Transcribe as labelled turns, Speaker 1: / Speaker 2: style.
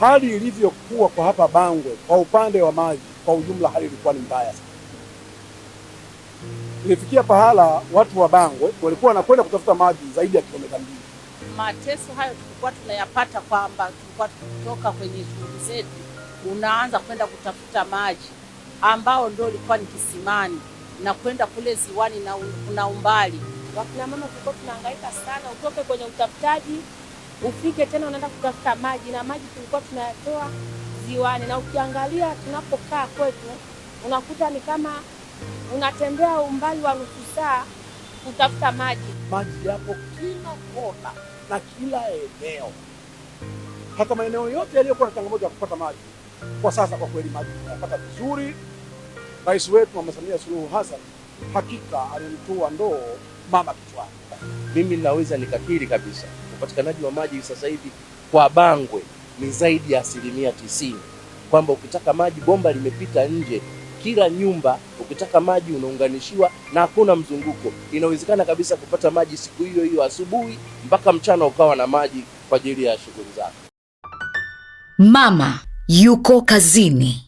Speaker 1: hali ilivyokuwa kwa hapa Bangwe kwa upande wa maji kwa ujumla, hali ilikuwa ni mbaya sana. Ilifikia pahala watu wa Bangwe walikuwa wanakwenda kutafuta maji zaidi ya kilomita mbili.
Speaker 2: Mateso hayo tulikuwa tunayapata kwamba tulikuwa tukitoka kwenye shughuli zetu, unaanza kwenda kutafuta maji ambao ndio ilikuwa ni kisimani na kwenda kule ziwani na kuna umbali.
Speaker 3: Wakina mama tulikuwa tunahangaika sana, utoke kwenye utafutaji ufike tena unaenda kutafuta maji, na maji tulikuwa tunayatoa ziwani. Na ukiangalia tunapokaa kwetu, unakuta ni kama unatembea umbali wa nusu saa kutafuta maji.
Speaker 1: Maji yapo kila kona na kila eneo, hata maeneo yote yaliyokuwa na changamoto ya kupata maji, kwa sasa kwa kweli maji tunayapata vizuri. Rais wetu Mama Samia Suluhu Hassan hakika alimtua ndoo mama kichwani
Speaker 4: mimi naweza nikakiri kabisa upatikanaji wa maji sasa hivi kwa Bangwe ni zaidi ya asilimia tisini, kwamba ukitaka maji bomba limepita nje kila nyumba. Ukitaka maji unaunganishiwa na hakuna mzunguko. Inawezekana kabisa kupata maji siku hiyo hiyo asubuhi mpaka mchana, ukawa na maji kwa ajili ya shughuli zako. Mama yuko kazini.